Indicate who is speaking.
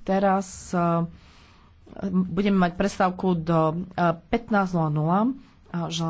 Speaker 1: Teraz e, budeme mať prestávku do 15.00. E,